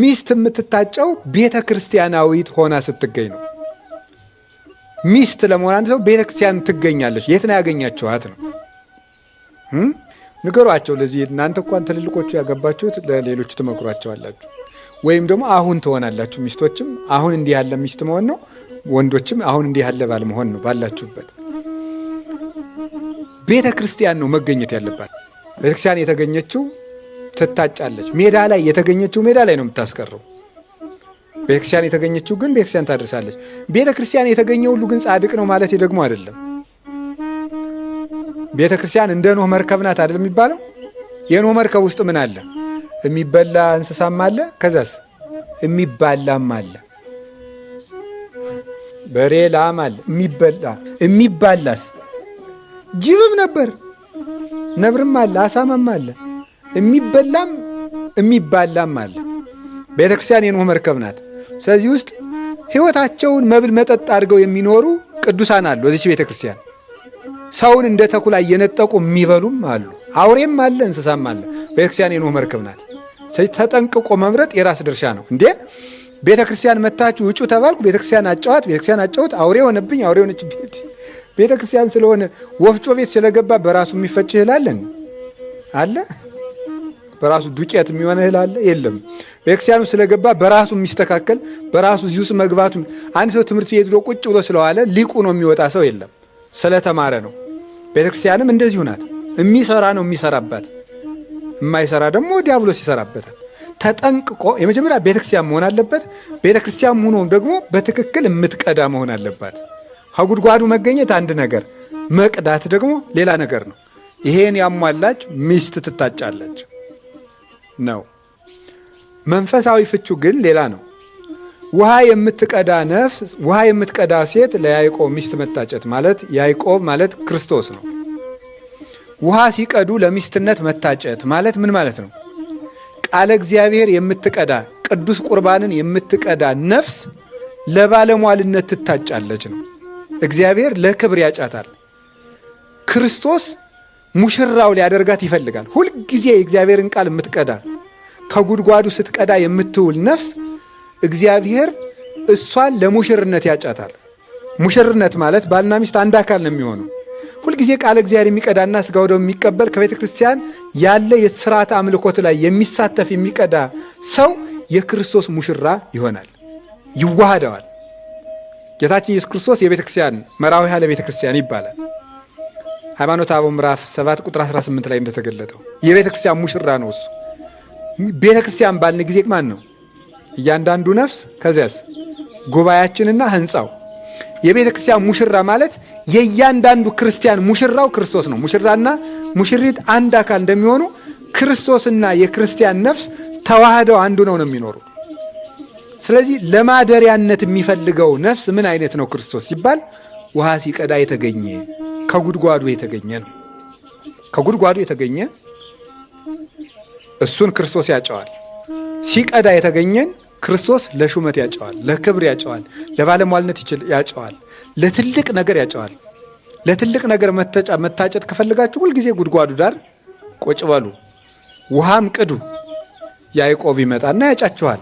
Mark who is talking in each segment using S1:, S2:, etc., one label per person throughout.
S1: ሚስት የምትታጨው ቤተ ክርስቲያናዊት ሆና ስትገኝ ነው። ሚስት ለመሆን አንድ ሰው ቤተ ክርስቲያን ትገኛለች። የት ነው ያገኛችኋት ነው? ንገሯቸው። ለዚህ እናንተ እንኳን ትልልቆቹ ያገባችሁት ለሌሎቹ ትመክሯቸዋላችሁ። ወይም ደግሞ አሁን ትሆናላችሁ። ሚስቶችም አሁን እንዲህ ያለ ሚስት መሆን ነው። ወንዶችም አሁን እንዲህ ያለ ባል መሆን ነው። ባላችሁበት ቤተ ክርስቲያን ነው መገኘት ያለባት። ቤተክርስቲያን የተገኘችው ትታጫለች። ሜዳ ላይ የተገኘችው ሜዳ ላይ ነው የምታስቀረው። ቤተክርስቲያን የተገኘችው ግን ቤተክርስቲያን ታደርሳለች። ቤተ ክርስቲያን የተገኘ ሁሉ ግን ጻድቅ ነው ማለት ደግሞ አይደለም። ቤተ ክርስቲያን እንደ ኖህ መርከብ ናት አይደለም የሚባለው? የኖህ መርከብ ውስጥ ምን አለ? የሚበላ እንስሳም አለ፣ ከዛስ የሚባላም አለ። በሬ ላም አለ፣ የሚበላ የሚባላስ ጅብም ነበር፣ ነብርም አለ፣ አሳማም አለ። የሚበላም የሚባላም አለ። ቤተ ክርስቲያን የኖህ መርከብ ናት። ስለዚህ ውስጥ ሕይወታቸውን መብል መጠጥ አድርገው የሚኖሩ ቅዱሳን አሉ። እዚች ቤተ ክርስቲያን ሰውን እንደ ተኩላ እየነጠቁ የሚበሉም አሉ። አውሬም አለ፣ እንስሳም አለ። ቤተ ክርስቲያን የኖህ መርከብ ናት። ስለዚህ ተጠንቅቆ መምረጥ የራስ ድርሻ ነው እንዴ ቤተ ክርስቲያን መታችሁ ውጩ ተባልኩ። ቤተ ክርስቲያን አጫዋት፣ ቤተ ክርስቲያን አጫወት፣ አውሬ ሆነብኝ፣ አውሬ ሆነች። ቤተ ክርስቲያን ስለሆነ ወፍጮ ቤት ስለገባ በራሱ የሚፈጭ ይላለን አለ በራሱ ዱቄት የሚሆነ እህል አለ የለም። ቤተክርስቲያኑ ስለገባ በራሱ የሚስተካከል በራሱ እዚህ ውስጥ መግባቱ። አንድ ሰው ትምህርት ቤት ሄዶ ቁጭ ብሎ ስለዋለ ሊቁ ነው የሚወጣ ሰው የለም፣ ስለተማረ ነው። ቤተክርስቲያንም እንደዚሁ ናት። የሚሰራ ነው የሚሰራባት፣ የማይሰራ ደግሞ ዲያብሎስ ይሰራበታል። ተጠንቅቆ የመጀመሪያ ቤተክርስቲያን መሆን አለበት። ቤተክርስቲያን ሆኖ ደግሞ በትክክል የምትቀዳ መሆን አለባት። ከጉድጓዱ መገኘት አንድ ነገር፣ መቅዳት ደግሞ ሌላ ነገር ነው። ይሄን ያሟላች ሚስት ትታጫለች። ነው። መንፈሳዊ ፍቹ ግን ሌላ ነው። ውሃ የምትቀዳ ነፍስ ውሃ የምትቀዳ ሴት ለያይቆብ ሚስት መታጨት ማለት ያይቆብ ማለት ክርስቶስ ነው። ውሃ ሲቀዱ ለሚስትነት መታጨት ማለት ምን ማለት ነው? ቃለ እግዚአብሔር የምትቀዳ ቅዱስ ቁርባንን የምትቀዳ ነፍስ ለባለሟልነት ትታጫለች ነው። እግዚአብሔር ለክብር ያጫታል። ክርስቶስ ሙሽራው ሊያደርጋት ይፈልጋል። ሁልጊዜ የእግዚአብሔርን ቃል የምትቀዳ ከጉድጓዱ ስትቀዳ የምትውል ነፍስ እግዚአብሔር እሷን ለሙሽርነት ያጫታል። ሙሽርነት ማለት ባልና ሚስት አንድ አካል ነው የሚሆነው። ሁልጊዜ ቃለ እግዚአብሔር የሚቀዳና ስጋ ደግሞ የሚቀበል ከቤተ ክርስቲያን ያለ የስርዓት አምልኮት ላይ የሚሳተፍ የሚቀዳ ሰው የክርስቶስ ሙሽራ ይሆናል፣ ይዋሃደዋል። ጌታችን ኢየሱስ ክርስቶስ የቤተ ክርስቲያን መራዊ ቤተ ክርስቲያን ይባላል። ሃይማኖተ አበው ምዕራፍ 7 ቁጥር 18 ላይ እንደተገለጠው የቤተ ክርስቲያን ሙሽራ ነው እሱ። ቤተ ክርስቲያን ባልን ጊዜ ማን ነው? እያንዳንዱ ነፍስ፣ ከዚያስ ጉባኤያችንና ህንፃው። የቤተ ክርስቲያን ሙሽራ ማለት የእያንዳንዱ ክርስቲያን ሙሽራው ክርስቶስ ነው። ሙሽራና ሙሽሪት አንድ አካል እንደሚሆኑ ክርስቶስና የክርስቲያን ነፍስ ተዋህደው አንዱ ነው ነው የሚኖሩ ስለዚህ ለማደሪያነት የሚፈልገው ነፍስ ምን አይነት ነው ክርስቶስ ሲባል ውሃ ሲቀዳ የተገኘ ከጉድጓዱ የተገኘ ነው። ከጉድጓዱ የተገኘ እሱን ክርስቶስ ያጨዋል። ሲቀዳ የተገኘን ክርስቶስ ለሹመት ያጨዋል፣ ለክብር ያጨዋል፣ ለባለሟልነት ያጨዋል፣ ለትልቅ ነገር ያጨዋል። ለትልቅ ነገር መታጨት ከፈልጋችሁ ሁልጊዜ ጉድጓዱ ዳር ቁጭ በሉ፣ ውሃም ቅዱ። ያዕቆብ ይመጣና ያጫችኋል።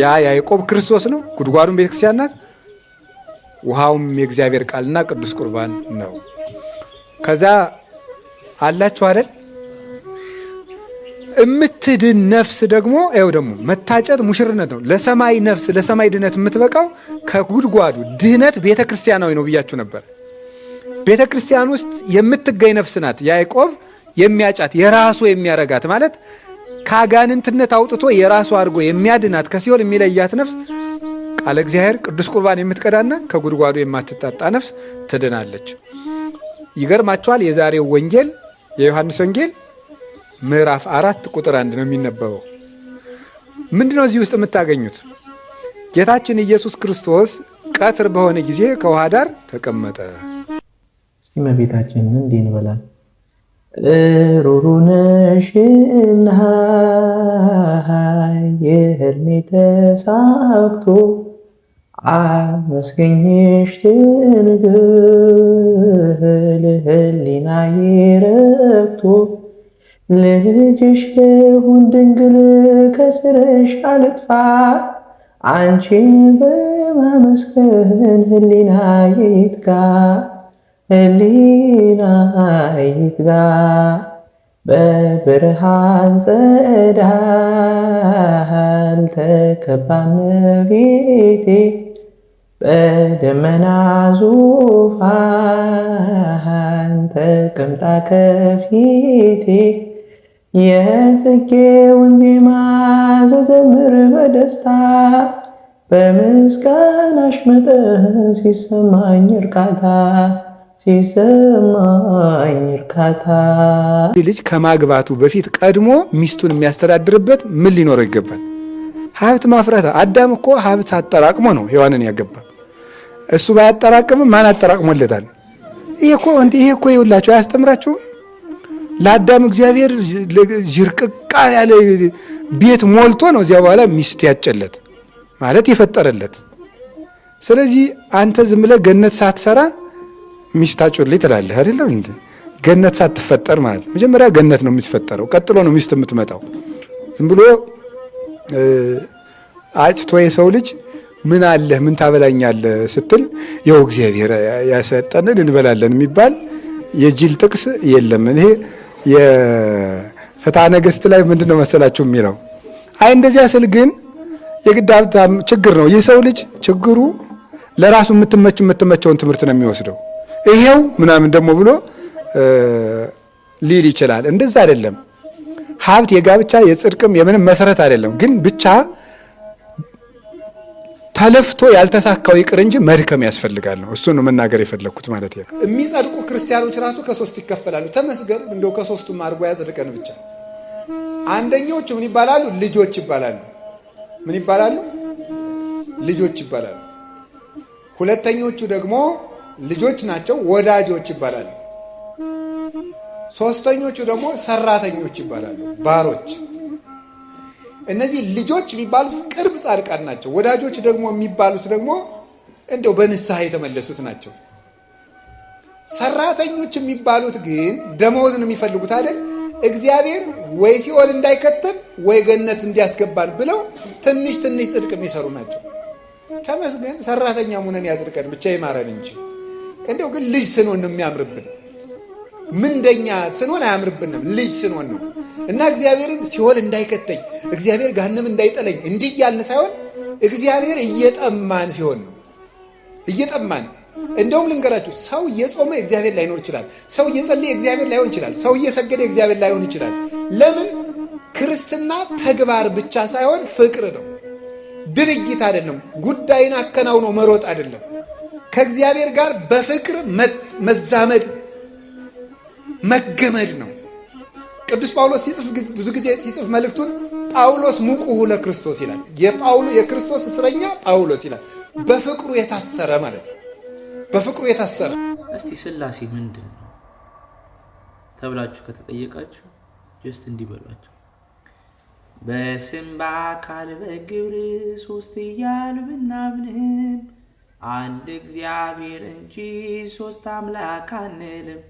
S1: ያ ያዕቆብ ክርስቶስ ነው። ጉድጓዱን ቤተክርስቲያን ናት። ውሃውም የእግዚአብሔር ቃልና ቅዱስ ቁርባን ነው። ከዛ አላችሁ አይደል የምትድን ነፍስ ደግሞ ይኸው ደግሞ መታጨት ሙሽርነት ነው። ለሰማይ ነፍስ ለሰማይ ድነት የምትበቃው ከጉድጓዱ ድህነት ቤተ ክርስቲያናዊ ነው ብያችሁ ነበር። ቤተ ክርስቲያን ውስጥ የምትገኝ ነፍስ ናት ያዕቆብ የሚያጫት የራሱ የሚያረጋት ማለት ከአጋንንትነት አውጥቶ የራሱ አድርጎ የሚያድናት ከሲኦል የሚለያት ነፍስ ቃለ እግዚአብሔር ቅዱስ ቁርባን የምትቀዳና ከጉድጓዱ የማትጣጣ ነፍስ ትድናለች። ይገርማችኋል። የዛሬው ወንጌል የዮሐንስ ወንጌል ምዕራፍ አራት ቁጥር አንድ ነው የሚነበበው። ምንድነው እዚህ ውስጥ የምታገኙት? ጌታችን ኢየሱስ ክርስቶስ ቀትር በሆነ ጊዜ ከውሃ ዳር ተቀመጠ።
S2: እስቲ እመቤታችንን እንዲህ እንበላል። ሩሩ ነሽ የህልሜ ተሳክቶ አመስገኝሽ ትንግል ህሊናዬ ረክቶ ልጅሽ ልሁን ድንግል ከስርሽ አልጥፋ አንቺን በማመስገን ህሊና ይትጋ ህሊናዬ ይትጋ በብርሃን ጸዳል ተከባ እመቤቴ በደመና ዙፋን ተቀምጣ ከፊቴ የጽጌውን ዜማ ዘዘምር በደስታ በምስጋናሽ መጠን ሲሰማኝ እርካታ ሲሰማኝ እርካታ።
S1: ልጅ ከማግባቱ በፊት ቀድሞ ሚስቱን የሚያስተዳድርበት ምን ሊኖረው ይገባል? ሀብት ማፍረታ። አዳም እኮ ሀብት አጠራቅሞ ነው ሔዋንን ያገባ እሱ ባያጠራቅምም ማን አጠራቅሞለታል? ይሄ እኮ እንዲህ ይሄ እኮ ይውላችሁ አያስተምራችሁም? ለአዳም እግዚአብሔር ዥርቅቃ ያለ ቤት ሞልቶ ነው እዚያ በኋላ ሚስት ያጨለት ማለት የፈጠረለት። ስለዚህ አንተ ዝም ብለህ ገነት ሳትሰራ ሚስት አጩልኝ ትላለህ አይደለም እንዴ? ገነት ሳትፈጠር ማለት መጀመሪያ ገነት ነው የሚፈጠረው፣ ቀጥሎ ነው ሚስት የምትመጣው። ዝም ብሎ አጭቶ የሰው ልጅ ምን አለህ ምን ታበላኛለህ ስትል ይኸው እግዚአብሔር ያሰጠንን እንበላለን የሚባል የጅል ጥቅስ የለም። ይሄ የፍትሐ ነገሥት ላይ ምንድን ነው መሰላችሁ የሚለው አይ እንደዚያ ስል ግን የግዳብታ ችግር ነው። ይህ ሰው ልጅ ችግሩ ለራሱ የምትመች የምትመቸውን ትምህርት ነው የሚወስደው። ይሄው ምናምን ደግሞ ብሎ ሊል ይችላል። እንደዛ አይደለም። ሀብት የጋብቻ የጽድቅም የምንም መሰረት አይደለም። ግን ብቻ ተለፍቶ ያልተሳካው ይቅር እንጂ መድከም ያስፈልጋል ነው። እሱን ነው መናገር የፈለግኩት ማለት ነው። የሚጸድቁ ክርስቲያኖች ራሱ ከሶስት ይከፈላሉ። ተመስገን እንደው ከሶስቱም አድርጎ ያጸድቀን ብቻ። አንደኞቹ ምን ይባላሉ? ልጆች ይባላሉ። ምን ይባላሉ? ልጆች ይባላሉ። ሁለተኞቹ ደግሞ ልጆች ናቸው፣ ወዳጆች ይባላሉ። ሶስተኞቹ ደግሞ ሰራተኞች ይባላሉ፣ ባሮች እነዚህ ልጆች የሚባሉት ቅርብ ጻድቃን ናቸው። ወዳጆች ደግሞ የሚባሉት ደግሞ እንደው በንስሐ የተመለሱት ናቸው። ሰራተኞች የሚባሉት ግን ደመወዝን የሚፈልጉት አይደል? እግዚአብሔር ወይ ሲኦል እንዳይከተል ወይ ገነት እንዲያስገባን ብለው ትንሽ ትንሽ ጽድቅ የሚሰሩ ናቸው። ተመስገን ሰራተኛ ሙነን ያጽድቀን ብቻ ይማረን እንጂ እንደው ግን ልጅ ስንሆን የሚያምርብን ምንደኛ ስንሆን አያምርብንም፣ ልጅ ስንሆን ነው እና እግዚአብሔርን ሲሆን እንዳይከተኝ እግዚአብሔር ገሃነም እንዳይጠለኝ እንዲህ እያልን ሳይሆን እግዚአብሔር እየጠማን ሲሆን ነው። እየጠማን እንደውም ልንገራችሁ፣ ሰው እየጾመ እግዚአብሔር ላይኖር ይችላል። ሰው እየጸለየ እግዚአብሔር ላይሆን ይችላል። ሰው እየሰገደ እግዚአብሔር ላይሆን ይችላል። ለምን? ክርስትና ተግባር ብቻ ሳይሆን ፍቅር ነው። ድርጊት አይደለም። ጉዳይን አከናውኖ መሮጥ አይደለም። ከእግዚአብሔር ጋር በፍቅር መዛመድ መገመድ ነው። ቅዱስ ጳውሎስ ሲጽፍ ብዙ ጊዜ ሲጽፍ መልእክቱን ጳውሎስ ሙቁሁ ለክርስቶስ ይላል። የክርስቶስ እስረኛ ጳውሎስ ይላል። በፍቅሩ የታሰረ ማለት ነው። በፍቅሩ የታሰረ
S2: እስቲ ስላሴ ምንድን ነው ተብላችሁ ከተጠየቃችሁ ጀስት እንዲበሏችሁ በሏቸው። በስም በአካል በግብር ሶስት እያል ብናምንም አንድ እግዚአብሔር እንጂ ሶስት አምላክ አንልም።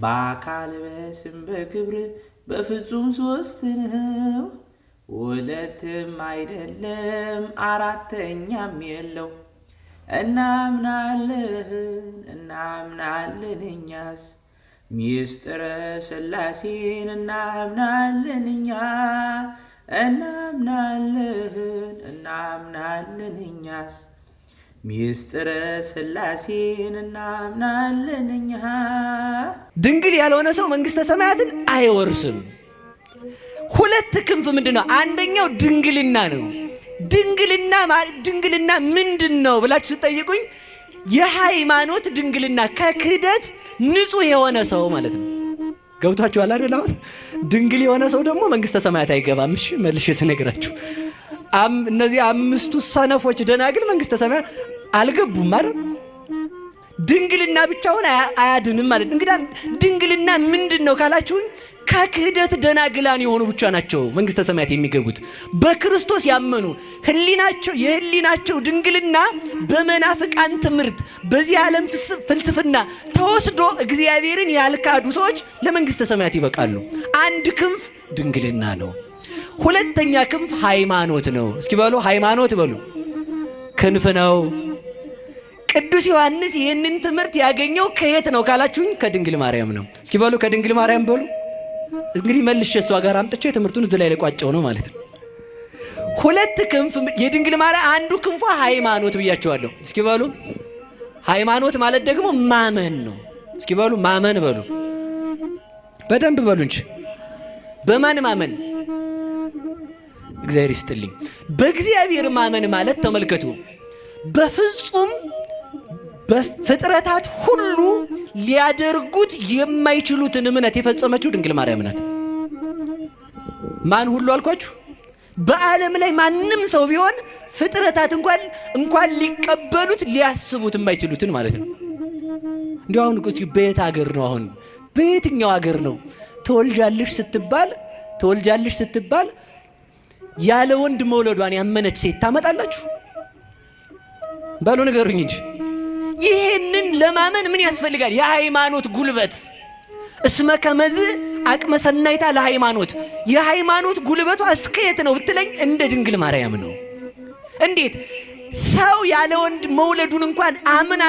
S2: በአካል በስም በክብር በፍጹም ሶስት ነው። ሁለትም አይደለም አራተኛም የለው። እናምናለን እናምናለን እኛስ ሚስጥረ ስላሴን እናምናለን እኛ እናምናለን እናምናለን እኛስ ሚስጥረ ስላሴን እናምናለን እኛ። ድንግል ያልሆነ ሰው መንግሥተ ሰማያትን አይወርስም። ሁለት ክንፍ ምንድን ነው? አንደኛው ድንግልና ነው። ድንግልና ድንግልና ምንድን ነው ብላችሁ ስጠይቁኝ የሃይማኖት ድንግልና ከክህደት ንጹህ የሆነ ሰው ማለት ነው። ገብቷችኋል አይደል? አሁን ድንግል የሆነ ሰው ደግሞ መንግሥተ ሰማያት አይገባም። እሺ መልሼ ስነግራችሁ እነዚህ አምስቱ ሰነፎች ደናግል መንግሥተ ሰማያት አልገቡም አይደል? ድንግልና ብቻውን አያድንም ማለት እንግዳ ድንግልና ምንድን ነው ካላችሁኝ ከክህደት ደናግላን የሆኑ ብቻ ናቸው መንግስተ ሰማያት የሚገቡት። በክርስቶስ ያመኑ ህሊናቸው የህሊናቸው ድንግልና በመናፍቃን ትምህርት፣ በዚህ ዓለም ፍልስፍና ተወስዶ እግዚአብሔርን ያልካዱ ሰዎች ለመንግስተ ሰማያት ይበቃሉ። አንድ ክንፍ ድንግልና ነው። ሁለተኛ ክንፍ ሃይማኖት ነው። እስኪ በሉ ሃይማኖት በሉ ክንፍ ነው። ቅዱስ ዮሐንስ ይህንን ትምህርት ያገኘው ከየት ነው ካላችሁኝ፣ ከድንግል ማርያም ነው። እስኪ በሉ ከድንግል ማርያም በሉ። እንግዲህ መልሼ እሷ ጋር አምጥቼ ትምህርቱን እዚህ ላይ ለቋጨው ነው ማለት ነው። ሁለት ክንፍ የድንግል ማርያም አንዱ ክንፏ ሃይማኖት ብያቸዋለሁ። እስኪ በሉ ሃይማኖት ማለት ደግሞ ማመን ነው። እስኪ በሉ ማመን በሉ፣ በደንብ በሉ እንጂ በማን ማመን? እግዚአብሔር ይስጥልኝ። በእግዚአብሔር ማመን ማለት ተመልከቱ፣ በፍጹም በፍጥረታት ሁሉ ሊያደርጉት የማይችሉትን እምነት የፈጸመችው ድንግል ማርያም ናት። ማን ሁሉ አልኳችሁ? በዓለም ላይ ማንም ሰው ቢሆን ፍጥረታት እንኳን እንኳን ሊቀበሉት ሊያስቡት የማይችሉትን ማለት ነው። እንዲሁ አሁን በየት አገር ነው? አሁን በየትኛው አገር ነው ተወልጃለሽ ስትባል ተወልጃለሽ ስትባል ያለ ወንድ መውለዷን ያመነች ሴት ታመጣላችሁ? በሉ ንገሩኝ እንጂ ይሄንን ለማመን ምን ያስፈልጋል? የሃይማኖት ጉልበት እስመ ከመዝ አቅመ ሰናይታ ለሃይማኖት የሃይማኖት ጉልበቷ እስከየት ነው ብትለኝ እንደ ድንግል ማርያም ነው። እንዴት ሰው ያለ ወንድ መውለዱን እንኳን አምና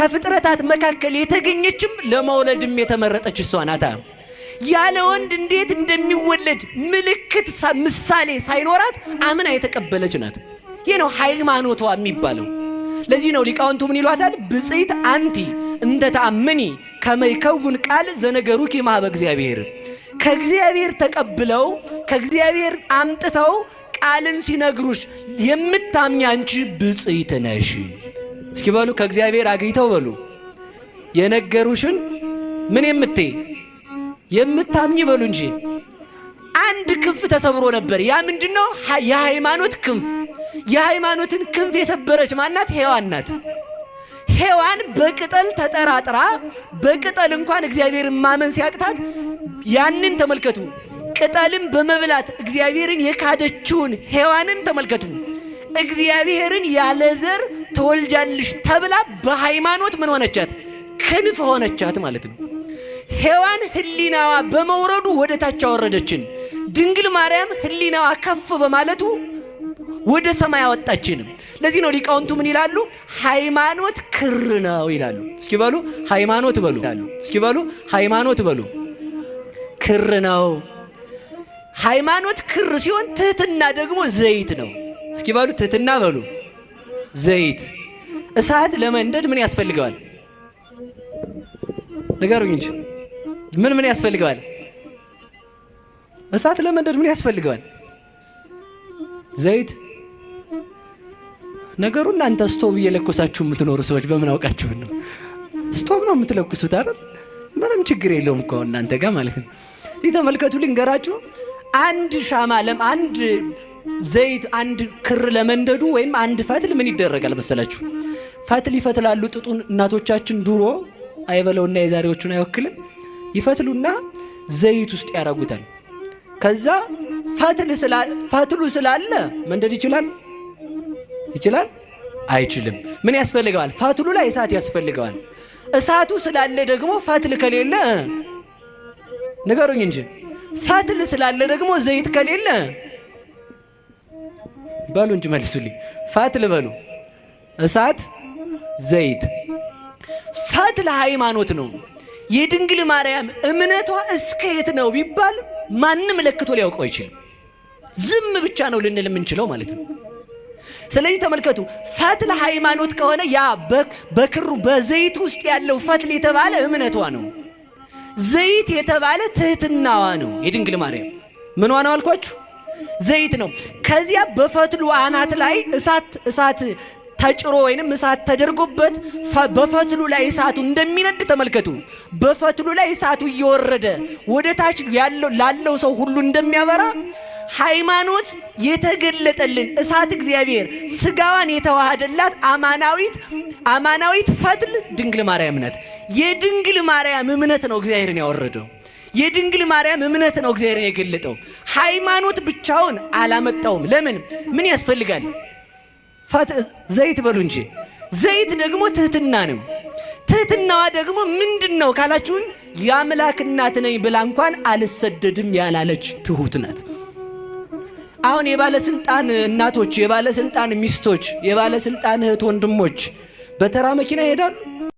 S2: ከፍጥረታት መካከል የተገኘችም ለመውለድም የተመረጠች እሷ ናታ። ያለ ወንድ እንዴት እንደሚወለድ ምልክት ምሳሌ ሳይኖራት አምና የተቀበለች ናት። ይህ ነው ሃይማኖቷ የሚባለው። ለዚህ ነው ሊቃውንቱ ምን ይሏታል? ብጽይት አንቲ እንተ ከመይከውን ቃል ዘነገሩኪ ማህበ እግዚአብሔር። ከእግዚአብሔር ተቀብለው ከእግዚአብሔር አምጥተው ቃልን ሲነግሩሽ የምታምኝ አንቺ ብጽይት ነሽ። እስኪ በሉ ከእግዚአብሔር አግኝተው በሉ የነገሩሽን ምን የምትይ የምታምኝ በሉ እንጂ አንድ ክንፍ ተሰብሮ ነበር። ያ ምንድነው? የሃይማኖት ክንፍ። የሃይማኖትን ክንፍ የሰበረች ማናት? ሔዋን ናት። ሔዋን በቅጠል ተጠራጥራ በቅጠል እንኳን እግዚአብሔርን ማመን ሲያቅታት ያንን ተመልከቱ። ቅጠልን በመብላት እግዚአብሔርን የካደችውን ሔዋንን ተመልከቱ። እግዚአብሔርን ያለ ዘር ተብላ በሃይማኖት ምን ሆነቻት? ክንፍ ሆነቻት ማለት ነው። ሔዋን ህሊናዋ በመውረዱ ወደ ታች አወረደችን። ድንግል ማርያም ህሊናዋ ከፍ በማለቱ ወደ ሰማይ አወጣችንም። ለዚህ ነው ሊቃውንቱ ምን ይላሉ? ሃይማኖት ክር ነው ይላሉ። እስኪ በሉ ሃይማኖት በሉ እስኪ በሉ ሃይማኖት በሉ ክር ነው። ሃይማኖት ክር ሲሆን ትህትና ደግሞ ዘይት ነው። እስኪ በሉ ትህትና በሉ ዘይት። እሳት ለመንደድ ምን ያስፈልገዋል? ንገሩኝ እንጂ ምን ምን ያስፈልገዋል? እሳት ለመንደድ ምን ያስፈልገዋል? ዘይት ነገሩ እናንተ ስቶቭ እየለኮሳችሁ የምትኖሩ ሰዎች በምን አውቃችሁ ነው? ስቶቭ ነው የምትለኩሱት አይደል? ምንም ችግር የለውም እኮ እናንተ ጋር ማለት ነው። ይህ ተመልከቱ፣ ልንገራችሁ። አንድ ሻማ አንድ ዘይት አንድ ክር ለመንደዱ ወይም አንድ ፈትል ምን ይደረጋል መሰላችሁ? ፈትል ይፈትላሉ። ጥጡን እናቶቻችን ድሮ አይበለውና የዛሬዎቹን አይወክልም። ይፈትሉና ዘይት ውስጥ ያረጉታል። ከዛ ፈትሉ ስላለ መንደድ ይችላል ይችላል አይችልም። ምን ያስፈልገዋል? ፈትሉ ላይ እሳት ያስፈልገዋል። እሳቱ ስላለ ደግሞ ፈትል ከሌለ ንገሩኝ እንጂ ፈትል ስላለ ደግሞ ዘይት ከሌለ በሉ እንጂ መልሱልኝ። ፈትል በሉ እሳት፣ ዘይት። ፈትል ሃይማኖት ነው። የድንግል ማርያም እምነቷ እስከየት ነው ቢባል ማንም ለክቶ ሊያውቀው አይችልም። ዝም ብቻ ነው ልንል የምንችለው ማለት ነው። ስለዚህ ተመልከቱ፣ ፈትል ሃይማኖት ከሆነ ያ በክሩ በዘይት ውስጥ ያለው ፈትል የተባለ እምነቷ ነው። ዘይት የተባለ ትህትናዋ ነው። የድንግል ማርያም ምኗ ነው አልኳችሁ? ዘይት ነው። ከዚያ በፈትሉ አናት ላይ እሳት እሳት ተጭሮ ወይንም እሳት ተደርጎበት በፈትሉ ላይ እሳቱ እንደሚነድ ተመልከቱ። በፈትሉ ላይ እሳቱ እየወረደ ወደ ታች ላለው ሰው ሁሉ እንደሚያበራ ሃይማኖት የተገለጠልን እሳት እግዚአብሔር ስጋዋን የተዋሃደላት አማናዊት አማናዊት ፈትል ድንግል ማርያም ናት። የድንግል ማርያም እምነት ነው እግዚአብሔርን ያወረደው። የድንግል ማርያም እምነት ነው እግዚአብሔርን የገለጠው። ሃይማኖት ብቻውን አላመጣውም። ለምን ምን ያስፈልጋል? ዘይት በሉ እንጂ ዘይት ደግሞ ትህትና ነው። ትህትናዋ ደግሞ ምንድን ነው ካላችሁን የአምላክ እናት ነኝ ብላ እንኳን አልሰደድም ያላለች ትሁት ናት። አሁን የባለስልጣን እናቶች፣ የባለስልጣን ሚስቶች፣ የባለስልጣን እህት ወንድሞች በተራ መኪና ይሄዳሉ።